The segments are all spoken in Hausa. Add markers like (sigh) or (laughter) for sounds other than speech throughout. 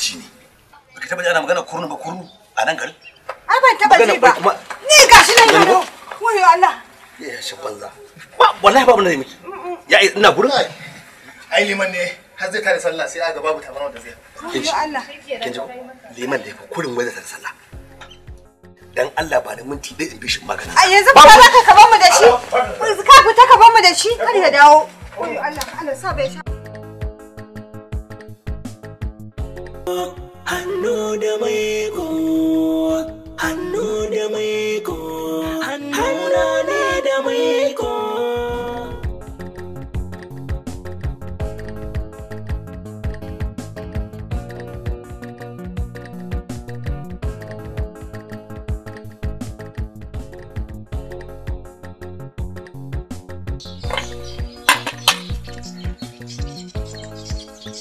shine taba ji ana magana ba a nan ai ban taba ji ba ni Allah ya shi banza wallahi babu miki ya ina gurin ai liman ne har zai sallah sai aga babu tabarau da zai wayo Allah kin ji liman da wai sallah dan Allah ba da minti dai in bishin magana yanzu ba za ka kaban mu da shi ka fita mu da shi kar ya dawo Allah Allah sa hannu da mai ko hannu da mai ko hannu ne da mai ko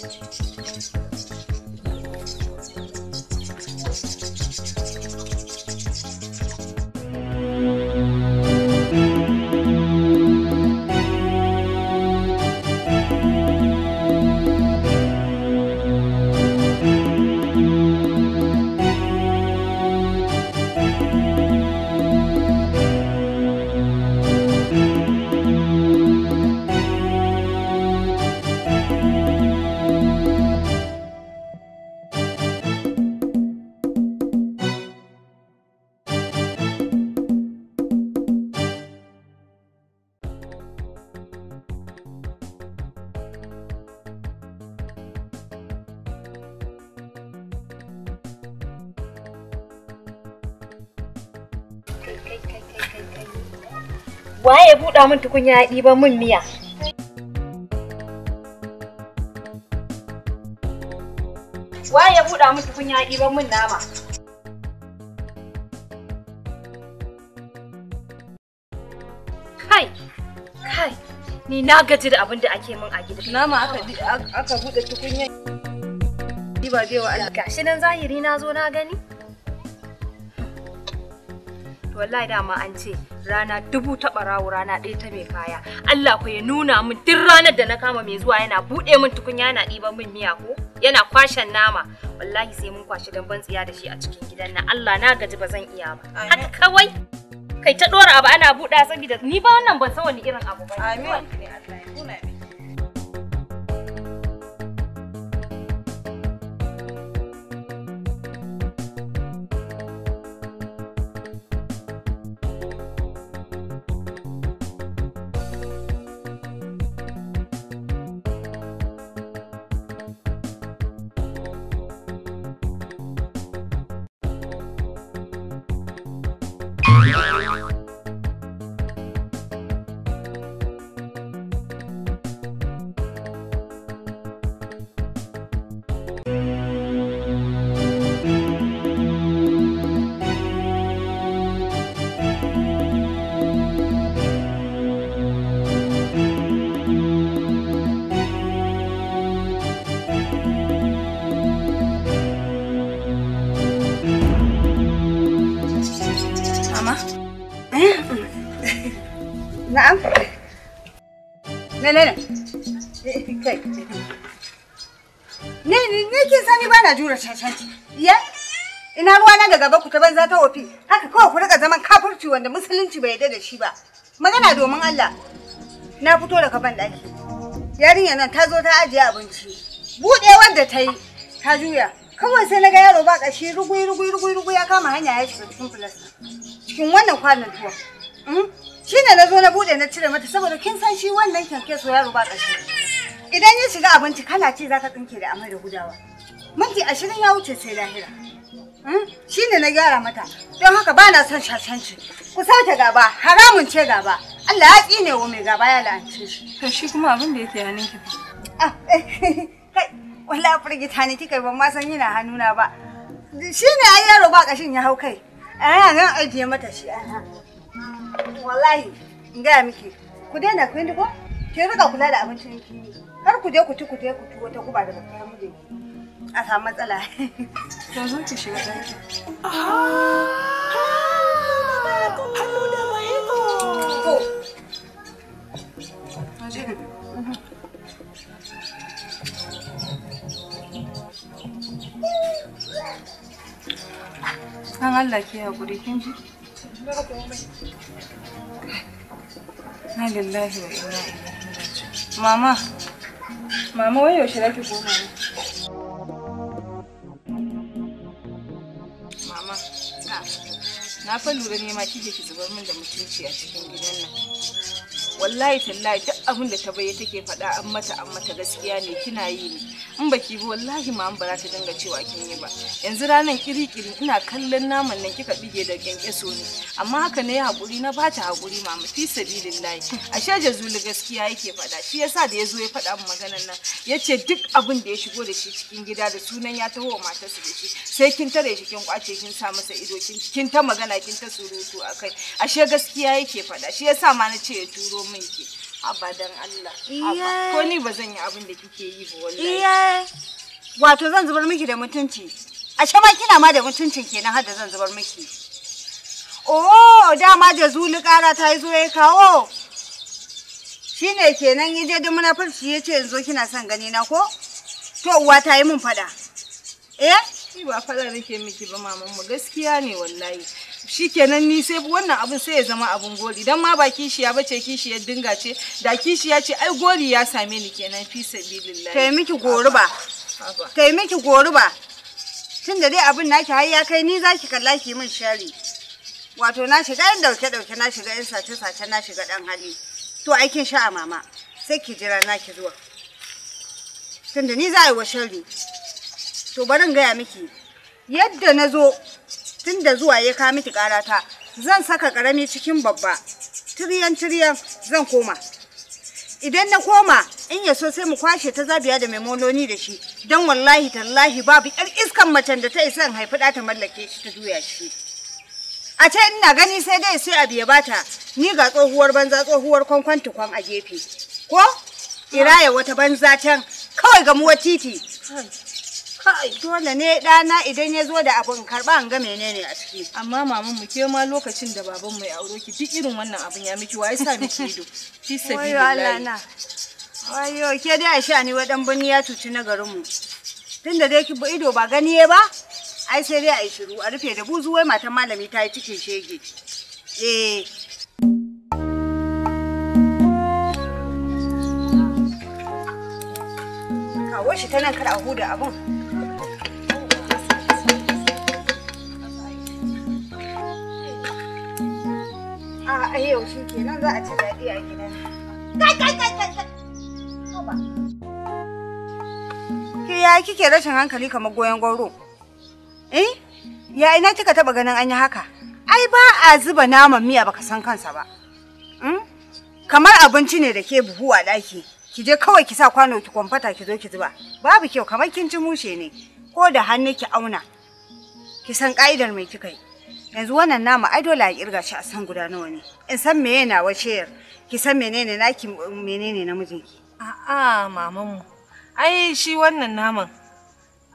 Thank you. Waye ya buɗa min tukunya ya ɗiba min miya? Waye ya buɗa min tukunya ya ɗiba min nama? Kai, kai, ni na gaji da abin da ake min a gida. Nama aka aka buɗe tukunya. Ni ba bewa Allah. Gashi nan zahiri na zo na gani. to wallahi dama an ce rana dubu ta barawo rana ɗaya ta mai kaya Allah ku ya nuna min duk ranar da na kama mai zuwa yana buɗe min tukunya yana ɗiban min miya ko yana kwashen nama wallahi sai mun kwashi dan ban tsiya da shi a cikin gidan nan Allah na gaji ba zan iya ba haka kawai kai ta dora abu ana buɗa saboda ni ba wannan ban san irin abu ba amin Allah ya nuna Yeah. na jura cancanci? Ya? Ina ruwa na da gaba ku ta banza ta wofi. Haka kawai ku riga zaman kafirci wanda musulunci bai yarda da shi ba. Magana domin Allah. Na fito daga ban ɗaki. Yarinya nan ta zo ta ajiye abinci. Buɗe wanda ta yi ta juya. Kawai sai na ga yaro ba ƙashi rugui rugui rugui rugui ya kama hanya ya shiga cikin filasta. Cikin wannan kwanan tuwa. Hmm? Shi ne na zo na buɗe na cire mata saboda kin san shi wannan kyanke so yaro ba ƙashi. Idan ya shiga abinci kana ce za ka tsinke da amai da gudawa. minti ashirin ya wuce sai lahira hmm? shi ne na gyara mata don haka ba na son shashanci ku sauke gaba haramun ce gaba Allah ya ne wa mai gaba ya la'anci. shi to shi kuma abin da yake hannun ki ah, eh, (laughs) wala firgita ne kika ban ma san yana hannuna ba shi ne ai yaro ba kashin ya hau kai ana nan ajiye mata shi a wallahi in gaya miki ku daina ku yi ko ki rika kula da abincin ki kar ku je ku ci ku je ku ci wata guba daga kayan mijinki a samu matsala to zo ki shiga ah! hannu da mai ko An Allah ke Mama, mama wai yaushe zaki koma Mama, na, na fa lura ne ma kike ki zubar min da mutunci a cikin gidan nan. Wallahi tallahi duk abin da ta bayyana take faɗa an mata an mata gaskiya ne kina yi ne. in baki ba wallahi ma an za ta dinga cewa kin yi ba yanzu ranan kirikiri ina kallon naman nan kika bige da kyankyaso ne amma haka ne hakuri na bata hakuri mama fi sabilillahi ashe jazuli gaskiya yake faɗa shi yasa da yazo ya faɗa min maganar nan yace duk abin da ya shigo da shi cikin gida da sunan ya taho wa matarsa da shi sai kin tare shi kin kwace kin sa masa ido kin kin ta magana kin ta surutu akai ashe gaskiya yake faɗa shi yasa ma na ce ya turo min ki abadan Allah ko ni ba zan yi abin da kike yi ba wallahi wato zan zubar miki da mutunci ashe ma kina ma da mutuncin kenan har da zan zubar miki oh dama da zuli kara ta yi zo ya kawo shine kenan yaje da munafurci yace yanzu kina son gani na ko to uwa ta yi mun fada eh Shi ba fada nake miki ba maman mu gaskiya ne wallahi. Shikenan ni sai wannan abun sai ya zama abun gori dan ma ba kishiya bace kishiyar dinga ce da kishiya ce ai gori ya same ni kenan fi sabilillah. Kai miki gori ba. Kai miki gori ba. Tun da dai abin naki har ya kai ni zaki kalla ki min shari. Wato na shiga yan dauke dauke na shiga yan sace sace na shiga dan hali. To aikin sha mama. Sai ki jira naki zuwa. da ni za a yi wa shari. To barin gaya miki, yadda na zo tun da zuwa ya kawo miki karata, zan saka karami cikin babba, tiriyan tiriyan zan koma. Idan na koma in ya so sai mu kwashe ta zabiya da mai moloni da shi, don wallahi tallahi babu yar iskan macen da ta isa in haifi ta mallake shi ta juya shi. A ce ina gani sai dai sai abu ya bata, ni ga tsohuwar banza tsohuwar kwankwan tukwan a gefe. Ko? Iraya wata banza can, kawai ga muwa titi. Dole ne ɗana idan ya zo da abun karɓa an ga menene a ciki. Amma maman mu ke ma lokacin da baban mai auro ki duk irin wannan abun ya miki wai sa miki ido. Fi sabilillahi. Wayo ke dai Aisha ni wadan bani ya cuci na garin mu. Tunda dai ki ido ba gani ba ai sai dai yi shiru a rufe da buzu wai matan malami ta yi cikin shege. Eh kawo shi ta nan kar a huda abun. shi kenan za a ci daɗi Ki kike rashin hankali kamar goyon goro? Eh? Ya ina kika taba ganin an haka? Ai ba a zuba naman miya baka san kansa ba. Hmm? Kamar abinci ne da ke buhu a ɗaki. Ki je kawai ki sa kwano ki kwamfata ki zo ki zuba. Babu kyau kamar kin ci mushe ne. Ko da hannu ki auna. Ki san ka'idar mai kika yi. yanzu wannan namu ai dole a kirga shi a san guda nawa ne in san meye na waceyar ki san menene naki menene na mijinki. a'a maman mu ai shi wannan naman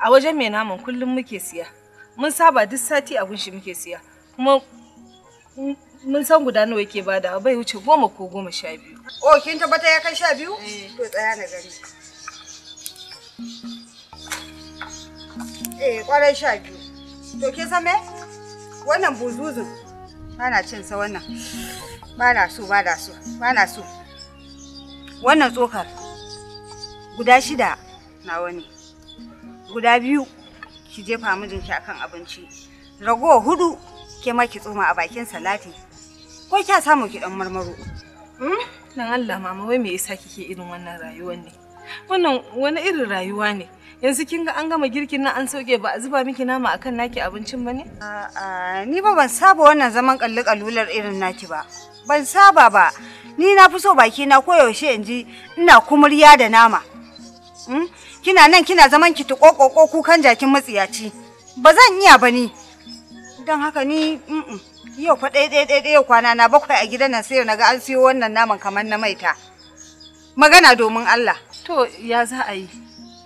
a wajen mai naman kullum muke siya mun saba duk sati abun shi muke siya kuma mun san guda nawa yake bada bai wuce goma ko goma sha biyu oh kin tabbata ya kai sha biyu eh. to tsaya na gani eh kwarai sha biyu to kin san me wannan buzuzun ba na cin sa wannan ba na so ba na so ba na so wannan tsokar guda shida nawa ne guda biyu ki jefa mijinki akan abinci rago hudu ke ma ki tsoma a bakin salati ko kya samu ki dan marmaro hmm? dan Allah mama wai me yasa kike irin wannan rayuwar ne wannan wani irin rayuwa ne yanzu kin ga an gama girkin nan an sauke ba a zuba miki nama akan naki abincin ba ne? A'a, ni ba ban saba wannan zaman kalli kalular irin naki ba. Ban saba ba. Ni na fi so baki na koyaushe in ji ina kumurya da nama. Hmm? Kina nan kina zaman ki tuƙoƙoƙo kukan jakin matsiyaci. Ba zan iya ba ni. Don haka ni yau fa ɗaya ɗaya ɗaya kwana na bakwai a gidan nan sai na ga an siyo wannan naman kamar na maita. Magana domin Allah. To ya za a yi?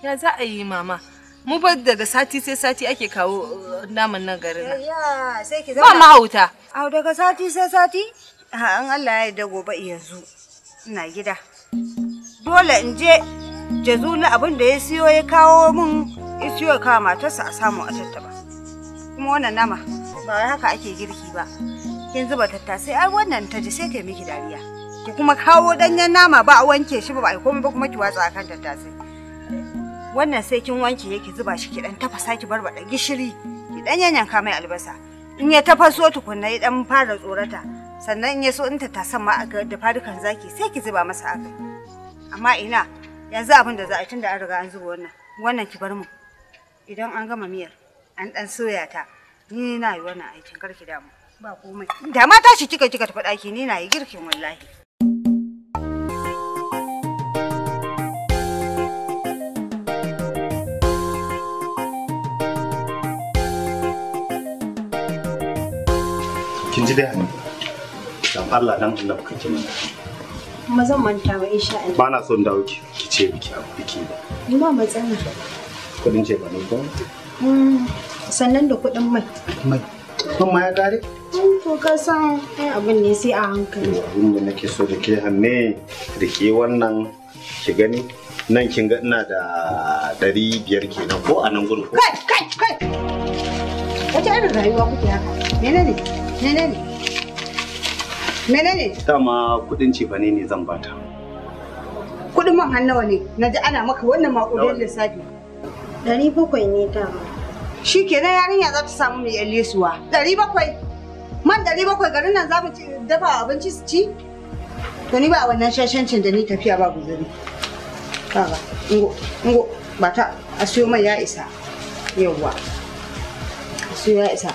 Ya za a yi mama? Mu ba daga sati sai sati ake kawo uh, naman nan garin nan. Ya sai ki zama. Ba mahauta. Au daga sati sai sati? an Allah ya yarda gobe yanzu. Ina gida. Dole in je Jazuli abin da ya siyo ya kawo mun ya siyo ya kawo matarsa a samu a tattaba. Kuma wannan nama ba haka ake girki ba. Kin zuba tattasai ai wannan ta ji sai ta miki dariya. Ki kuma kawo danyen nama ba a wanke shi ba ba a komai ba kuma ki watsa akan tattasai. wannan sai kin wanke yake zuba shi ki dan tafasa ki barbada gishiri ki dan yanyanka mai albasa in ya tafaso tukunna ya dan fara tsorata sannan in ya so in ta tasan ma aka da fadukan zaki sai ki zuba masa aka amma ina yanzu abin da za a tunda an riga an zuba wannan wannan ki bar mu idan an gama miyar an dan soya ta ni na yi wannan aikin karki damu ba komai da mata shi kika kika tafi daki ni na yi girkin wallahi ji dai hannu da Allah dan Allah ka ji mana kuma zan manta wa insha Allah ba na son dawo ki ki ce miki abu biki ba ni ma matsala kudin ce ba ne ko mm, sannan da kudin mai mai kun ma ya gare mm, to ka san ai abin ne sai a hankali abin da nake so da ke hanne da ke wannan ki gani nan kin ga ina da ɗari biyar kenan ko a nan gudu kai kai kai wata irin rayuwa kuke haka menene Menene? Menene? Dama kudin cefane ne zan bata. Kudin man hannawa ne, na ji ana maka wannan maƙudin lissafi. Ɗari bakwai ne dama. Shi kenan yarinya za ta samu mai lesuwa. Ɗari bakwai? Man ɗari bakwai garin nan za mu dafa abinci su ci? To ni ba wannan shashancin da ni tafiya ba guzuri. Baba, ingo, ingo, bata, a siyo mai ya isa. Yawwa, a siyo ya isa.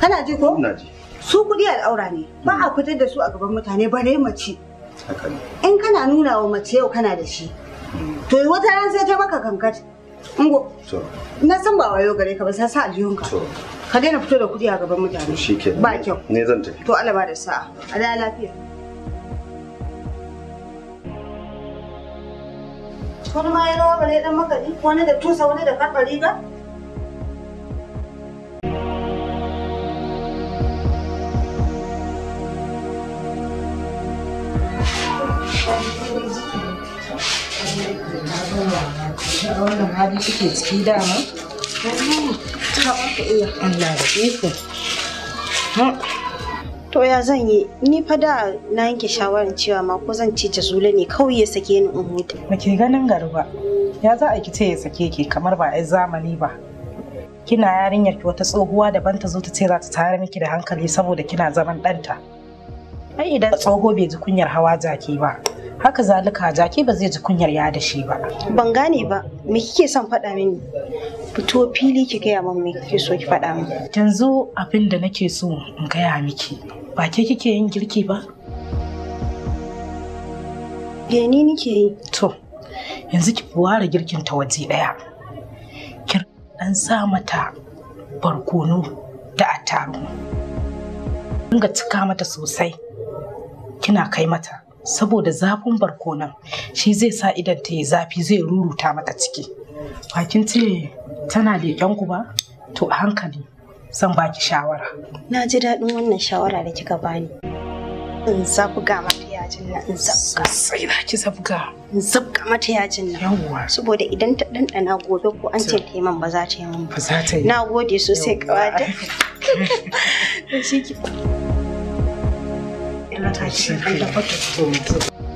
Kana ji ko? Ina ji. Su kudi al'aura ne, ba a fitar da su a gaban mutane ba ne mace. In kana nuna wa mace yau kana da shi, to wata ran sai ta maka kankat. To. na san ba wayo gare ka ba sai sa aljihunka. Ka daina fito da kudi a gaban mutane. Shi Ba kyau. Ne zan tafi. To Allah ba da sa'a. Ala lafiya. Wani ma ya rawa bare dan makari, wani da tusa, wani da karɓa riga. a to ya zan yi ni fa da na yanke shawarar cewa ma ko zan ci jazula ne kawai ya sake ni in huta ba ke ganin garba ya za a ki ce ya sake ki kamar ba ai zamani ba kina yarinyar ki wata tsohuwa daban ta zo ta ce za ta tare miki da hankali saboda kina zaman ɗanta ai idan tsoho bai ji kunyar hawa jaki ba haka zalika jaki ba zai ji kunyar ya da shi ba ban gane ba me kike son faɗa mini fito fili ki gaya min me kike so ki faɗa min yanzu abin da nake so in gaya miki ba ke kike yin girki ba ni nike yi to yanzu ki ware girkin ta waje daya ki dan sa mata barkono da attarugu dinga cika mata sosai kina kai mata saboda zafin barkonan, shi zai sa idan ta yi zafi zai ruruta mata ciki bakin ce tana leƙen ku ba to a hankali zan baki shawara na ji daɗin wannan shawara da kika bani in zabga mata yajin nan in zabga sai na ki zabga in zabga mata yajin nan yawwa saboda idan ta ɗanɗana gobe ko an ce ta yi man ba za ta yi man ba za ta yi na gode sosai kawai da (laughs) shi ki 我吃不了。